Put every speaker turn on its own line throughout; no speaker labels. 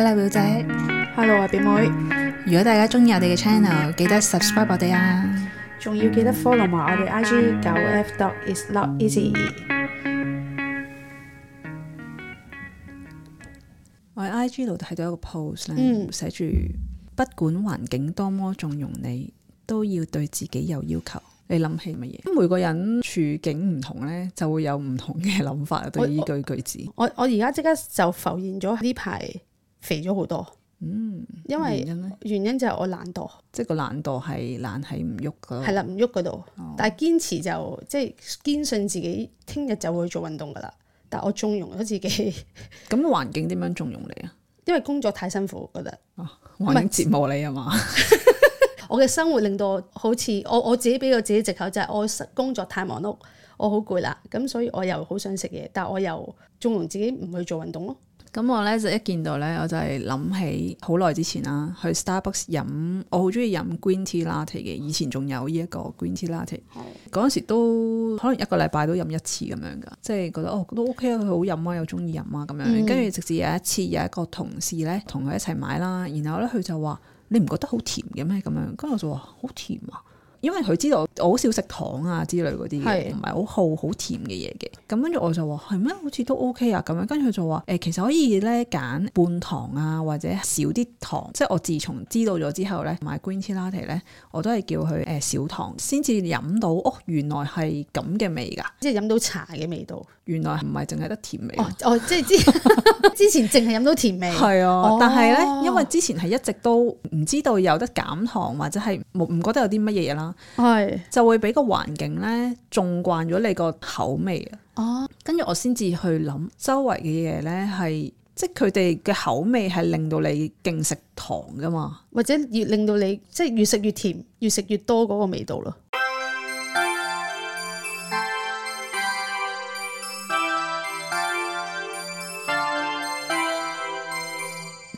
Hello 表姐，Hello 啊表妹。如果大家中意我哋嘅 channel，記得 subscribe 我哋啊。
仲要記得 follow 埋我哋 IG 九 F dot is not easy。
我喺 IG 度睇到一個 post 啦，寫住、嗯、不管環境多麼縱容你，都要對自己有要求。你諗起乜嘢？咁每個人處境唔同呢，就會有唔同嘅諗法我對呢句句子。
我我而家即刻就浮現咗呢排。肥咗好多，嗯，因為原因就係我懶惰，
即係個懶惰
係懶喺唔喐噶係啦，唔喐嗰度，哦、但係堅持就即係堅信自己聽日就會做運動噶啦，但我縱容咗自己，咁環境點樣縱容你啊？因為工作太辛苦，我覺得唔係折磨
你啊嘛，是
我嘅生活令到我好似我我自己俾個自己借口就係我工作太忙碌，我好攰啦，咁所以我又好想食嘢，但係我又縱容自己唔去做運動咯。
咁我咧就一見到咧，我就係諗起好耐之前啦，去 Starbucks 飲，我好中意飲 Green Tea Latte 嘅，以前仲有呢一個 Green Tea Latte，嗰陣時都可能一個禮拜都飲一次咁樣噶，即係覺得哦都 OK 啊，佢好飲啊，又中意飲啊咁樣，跟住、嗯、直至有一次有一個同事咧同佢一齊買啦，然後咧佢就話：你唔覺得好甜嘅咩？咁樣，跟住我就話：好甜啊！因為佢知道我，少的我好少食糖啊，之類嗰啲嘢，唔係好好好甜嘅嘢嘅。咁跟住我就話係咩？好似都 OK 啊咁樣。跟住佢就話誒，其實可以咧揀半糖啊，或者少啲糖。即係我自從知道咗之後咧，買 Green Tea Latte 咧，我都係叫佢誒少糖，先至飲到。哦，原來係咁嘅味噶，即係飲到茶嘅味道。味道原來唔係淨係得甜味哦。哦，
即係之 之前淨係飲到甜味。係啊，哦、但係咧，因為之前係一直都
唔知道有得減糖或者係冇唔覺得有啲乜嘢嘢啦。係是就會俾個環境咧，縱慣咗你個口味啊。哦，跟住我先至去諗周圍嘅嘢咧，係即係佢哋嘅口味係令到你勁食糖噶嘛，或者
越令到你即係越食越甜，越食越多嗰個味道咯。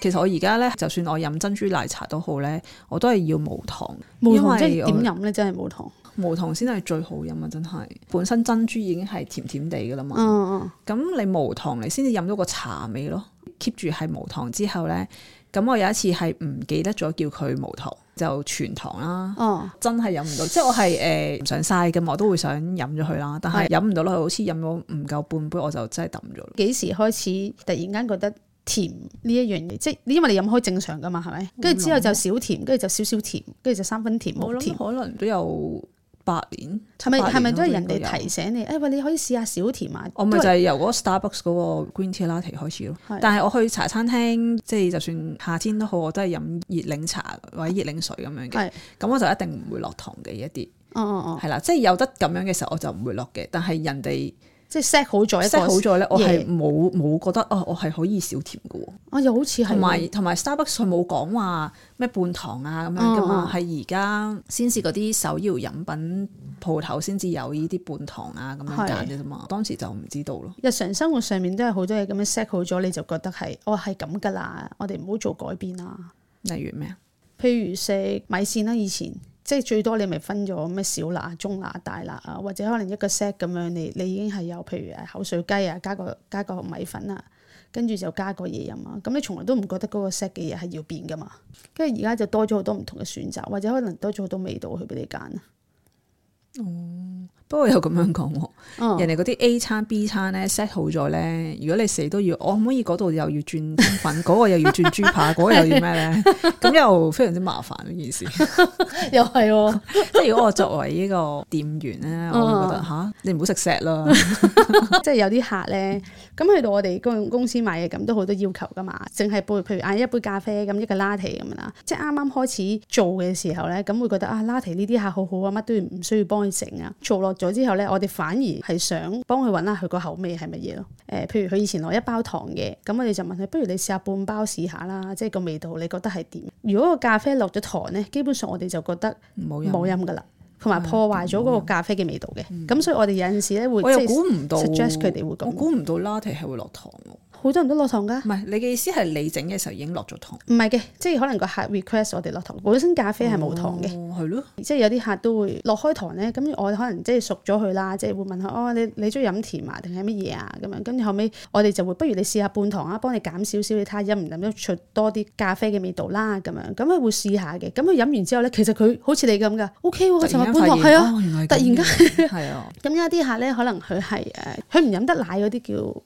其實我而家咧，就算我飲珍珠奶茶都好咧，我都係要無糖。無糖即係點飲
咧？真係無糖。
無糖先係最好飲啊！真係，本身珍珠已經係甜甜地嘅啦嘛。嗯、嗯。咁你無糖你先至飲到個茶味咯。keep 住係無糖之後咧，咁我有一次係唔記得咗叫佢無糖，就全糖啦。
嗯、
真係飲唔到，即係我係誒唔想嘥嘅嘛，我都會
想飲咗佢啦。但係飲唔到咯，好似飲咗唔夠半杯，我就真係抌咗啦。幾時開始突然間覺得？甜呢一樣嘢，即你因為你飲開正常噶嘛，係咪？跟住、嗯、之後就少甜，跟住就少少甜，跟住就三分甜。冇諗可能都有八年，七八年都應該有，係咪係咪都係人哋提醒你？誒喂、哎，你可以試下少甜啊！是我咪就係由嗰
Starbucks 嗰個 Green Tea Latte 開始咯。的但係我去茶餐廳，即係就算夏天都好，我都係飲熱檸茶或者熱檸水咁樣嘅。係咁的，我就一定唔會落糖嘅一啲。哦哦哦，係啦，即係有得咁樣嘅時候，我就唔會落嘅。但係人哋。即係 set 好咗，set 好咗咧，我係冇冇覺得、哦、啊，我係可以少甜噶。我又好似係同埋同埋 Starbucks 佢冇講話咩半糖啊咁樣噶嘛，係而家先至嗰啲手搖飲品鋪頭先至有呢啲半糖啊咁樣揀嘅啫嘛。當時就唔知道咯。
日常生活上面都係好多嘢咁樣 set 好咗，你就覺得係我係咁噶啦，我哋唔好做改變啊。例如咩啊？譬如食米線啦、啊，以前。即係最多你咪分咗咩小辣、中辣、大辣啊，或者可能一個 set 咁樣你，你你已經係有譬如誒口水雞啊，加個加個米粉啊，跟住就加個嘢飲啊，咁你從來都唔覺得嗰個 set 嘅嘢係要變㗎嘛，跟住而家就多咗好多唔同嘅選擇，或者可能多咗好多味道去俾你揀。哦、嗯。不過有咁樣講喎，嗯、
人哋嗰啲 A 餐 B 餐咧 set 好咗咧，如果你死都要，我唔可以嗰度又要轉湯粉，嗰 個又要轉豬扒，嗰 個又要咩咧？咁 又非常之麻煩呢件事。
又係是、哦，
即 係如果我作為呢個店員咧，我會覺得吓、嗯嗯，你唔好食 set 啦。
即係有啲客咧，咁去到我哋公用公司買嘢，咁都好多要求噶嘛。淨係譬如嗌一杯咖啡咁，一個 latte 咁啊。即係啱啱開始做嘅時候咧，咁會覺得啊，latte 呢啲客好好啊，乜都要唔需要幫佢整啊，做咯。咗之後咧，我哋反而係想幫佢揾下佢個口味係乜嘢咯。誒、呃，譬如佢以前攞一包糖嘅，咁我哋就問佢，不如你試下半包試下啦，即係個味道你覺得係點？如果個咖啡落咗糖咧，基本上我哋就覺得冇冇飲噶啦，同埋破壞咗嗰個咖啡嘅味道嘅。咁所以我哋有陣時咧會，我又估唔到 suggest 佢哋
會咁，我估唔到 latte 係會落糖喎。
好多人都落糖噶、啊，唔係你嘅意思係你整嘅時候已經落咗糖？唔係嘅，即係可能個客 request 我哋落糖，本身咖啡係冇糖嘅，係咯、哦。即係有啲客都會落開糖咧，咁我可能即係熟咗佢啦，即係會問佢哦，你你中意飲甜啊定係乜嘢啊咁樣？跟住後尾，我哋就會不如你試下半糖啊，幫你減少少，你睇下飲唔飲得出多啲咖啡嘅味道啦咁樣。咁佢會試下嘅。咁佢飲完之後咧，其實佢好似你咁噶，O K 佢尋日半糖係啊，突然間係啊。咁而家啲客咧，可能佢係誒，佢唔飲得奶嗰啲叫。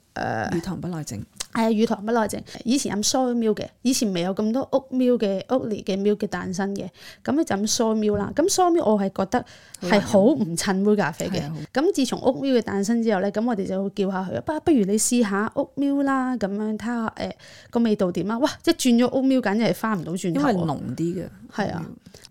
乳糖、呃、不耐症，係啊，乳糖不耐症。以前飲 soy milk 嘅，以前未有咁多 oat milk 嘅屋嚟嘅喵嘅誕生嘅，咁咧就飲 soy milk 啦。咁 soy milk 我係覺得係好唔襯杯咖啡嘅。咁自從 oat milk 嘅誕生之後咧，咁我哋就會叫下佢，不不如你試下 oat milk 啦，咁樣睇下誒個味道點啊！哇，即轉苗苗一轉咗<的 >oat milk 簡直係翻唔到轉頭。因為濃啲嘅，係啊。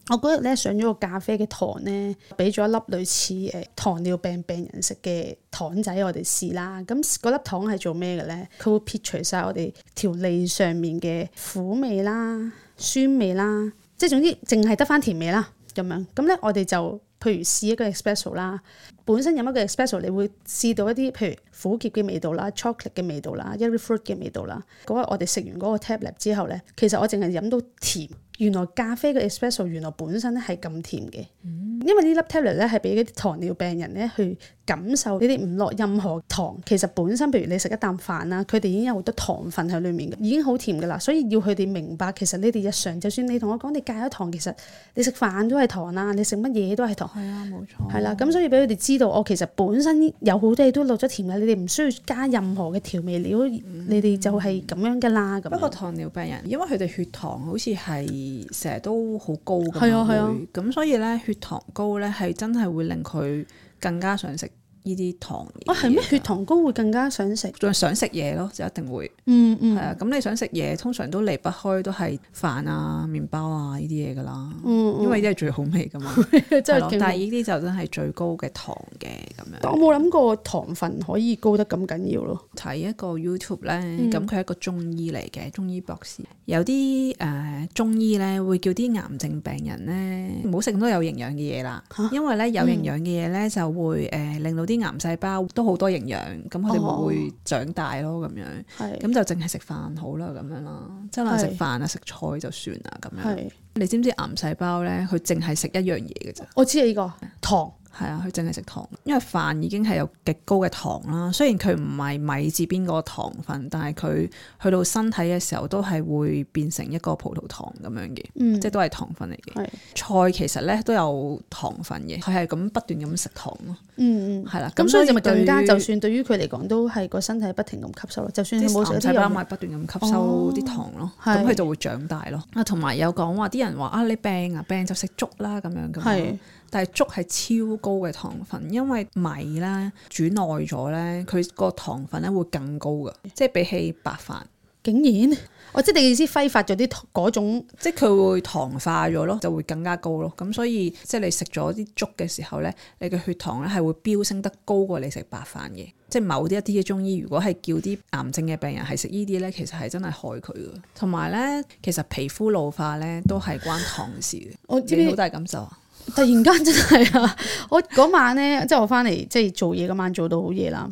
我嗰日咧上咗個咖啡嘅糖咧，俾咗一粒類似誒、呃、糖尿病病人食嘅糖仔，我哋試啦。咁嗰粒糖係做咩嘅咧？佢會撇除晒我哋條脷上面嘅苦味啦、酸味啦，即係總之淨係得翻甜味啦咁樣。咁咧我哋就譬如試一個 espresso 啦，本身飲一個 espresso 你會試到一啲譬如苦澀嘅味道啦、chocolate 嘅味道啦、every fruit 嘅味道啦。嗰日我哋食完嗰個 tablet 之後咧，其實我淨係飲到甜。原來咖啡嘅 espresso 原來本身咧係咁甜嘅，嗯、因為呢粒 tablet 咧係俾嗰啲糖尿病人咧去。感受你哋唔落任何糖，其實本身譬如你食一啖飯啦，佢哋已經有好多糖分喺裏面嘅，已經好甜㗎喇。所以要佢哋明白，其實你哋日常就算你同我講你戒咗糖，其實你食飯都係糖啦，你食乜嘢都係糖。係啊，冇錯。係啦、啊，咁所以俾佢哋知道，我其實本身有好多嘢都落咗甜嘅，你哋唔需要加任何嘅調味料，嗯、你哋就係咁樣㗎喇。咁、嗯、不過糖尿病人，因為佢哋血糖好似係成日都
好高咁樣，咁、啊啊、所以咧血糖高咧係真係會令佢。更加想食。呢啲糖，哇，係咩？血糖高會更加想食，仲想食嘢咯，就一定會，嗯嗯，
係啊。
咁你想食嘢，通常都離不開都係飯啊、麪包啊呢啲嘢
噶啦，因為呢啲係最好味噶嘛，
真係。但係呢啲就真係最高嘅糖嘅咁樣。
我冇諗過糖分可以高得咁緊要咯。
睇一個 YouTube 咧，咁佢係一個中醫嚟嘅中醫博士，
有啲誒中醫咧會叫啲
癌症病人咧唔好食咁多有營養嘅嘢啦，因為咧有營養嘅嘢咧就會誒令到啲。啲癌細胞都好多營養，咁佢哋會長大咯，咁、哦、樣，咁是就淨係食飯好啦，咁樣啦，即係話食飯啊，食是菜就算啦，咁樣。是你知唔知癌細胞咧？佢淨係食一樣嘢嘅咋？我知呢、呢個糖。係啊，佢淨係食糖，因為飯已經係有極高嘅糖啦。雖然佢唔係米字邊個糖分，但係佢去到身體嘅時候都係會變成一個葡萄糖咁樣嘅，即係都係糖分嚟嘅。嗯、菜其實咧都有糖分嘅，佢係咁不斷咁食糖咯、嗯。嗯嗯，係啦。咁所以就咪更加，就算
對於佢嚟講都係個身體不停咁吸收咯。就算你冇晒啲肉，咪不斷咁吸收啲糖咯。咁佢、哦、
就會長大咯。啊的，同埋有講話啲人話啊，你病啊病就食粥啦咁樣咁。但係粥係超高嘅糖分，因為米咧煮耐咗咧，佢個糖分咧會更高噶，即係比起白飯。竟然，哦，即係你意思揮發咗啲嗰種，即係佢會糖化咗咯，就會更加高咯。咁所以，即係你食咗啲粥嘅時候咧，你嘅血糖咧係會飆升得高過你食白飯嘅。即係某啲一啲嘅中醫，如果係叫啲癌症嘅病人係食呢啲咧，其實係真係害佢噶。同埋咧，其實皮膚老化咧都係關糖事嘅。 你好大
感受啊！ 突然間真係啊！我嗰晚咧，即係我翻嚟即係做嘢嗰晚，做到好夜啦。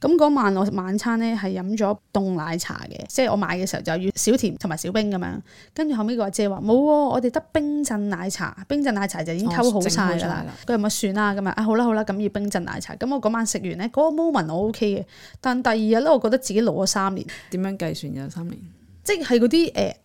咁嗰晚我晚餐咧係飲咗凍奶茶嘅，即係我買嘅時候就要少甜同埋少冰咁樣。跟住後屘個阿姐話冇、啊，我哋得冰鎮奶茶，冰鎮奶茶就已經溝好曬啦。佢咪算啦。咁啊啊好啦好啦，咁要冰鎮奶茶。咁我嗰晚食完咧，嗰、嗰個 moment 我 O K 嘅。但第二日咧，我覺得自己老咗三年。點樣計算有三年？即係嗰啲誒。呃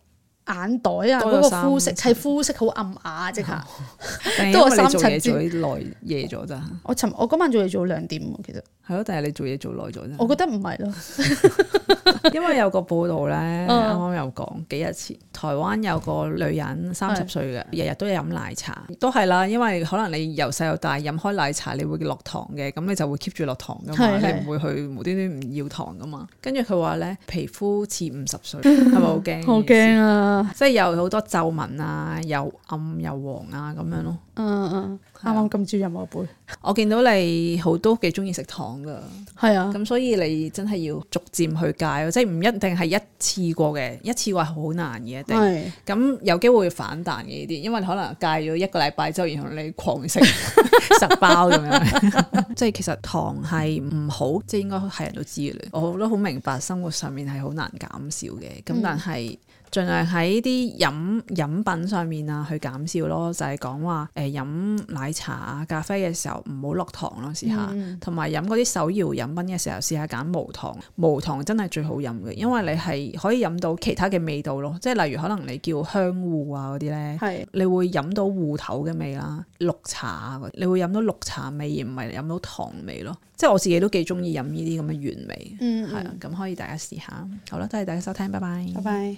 眼袋啊，嗰個膚色係膚色好暗啞。即係都係三層，做嘢做耐夜咗咋。我尋我晚做嘢做兩點，其實係咯，但係你做嘢做耐咗真。我覺得唔係咯，因為
有個報道咧，啱啱又講幾日前，台灣有個女人三十歲嘅，日日都飲奶茶，都係啦，因為可能你由細到大飲開奶茶，你會落糖嘅，咁你就會 keep 住落糖噶嘛，你唔會去無端端唔要糖噶嘛。跟住佢話咧，皮
膚似五十歲，係咪好驚？好
驚啊！即係有好多皺紋啊，又暗又黃啊，咁樣咯。嗯嗯，
啱啱咁朝飲我杯。
我見到你好都幾中意食糖噶係啊。咁所以你真係要逐漸去戒咯，即係唔一定係一次過嘅，一次過係好難嘅。一定係。咁有機會反彈嘅呢啲，因為可能戒咗一個禮拜之後，然後你狂食十包咁樣。即係其實糖係唔好，即係應該係人都知嘅。我我都好明白，生活上面係好難減少嘅。咁但係。盡量喺啲飲飲品上面啊，去減少咯，就係講話誒飲奶茶啊、咖啡嘅時候唔好落糖咯，試下，同埋飲嗰啲手搖飲品嘅時候，試下揀無糖，無糖真係最好飲嘅，因為你係可以飲到其他嘅味道咯，即係例如可能你叫香芋啊嗰啲咧，係是你會飲到芋頭嘅味啦，綠茶啊，你會飲到綠茶味而唔係飲到糖味咯，即係我自己都幾中意飲呢啲咁嘅原味，係啦、嗯嗯，咁可以大家試下，好啦，多謝大家收聽，拜拜，拜拜。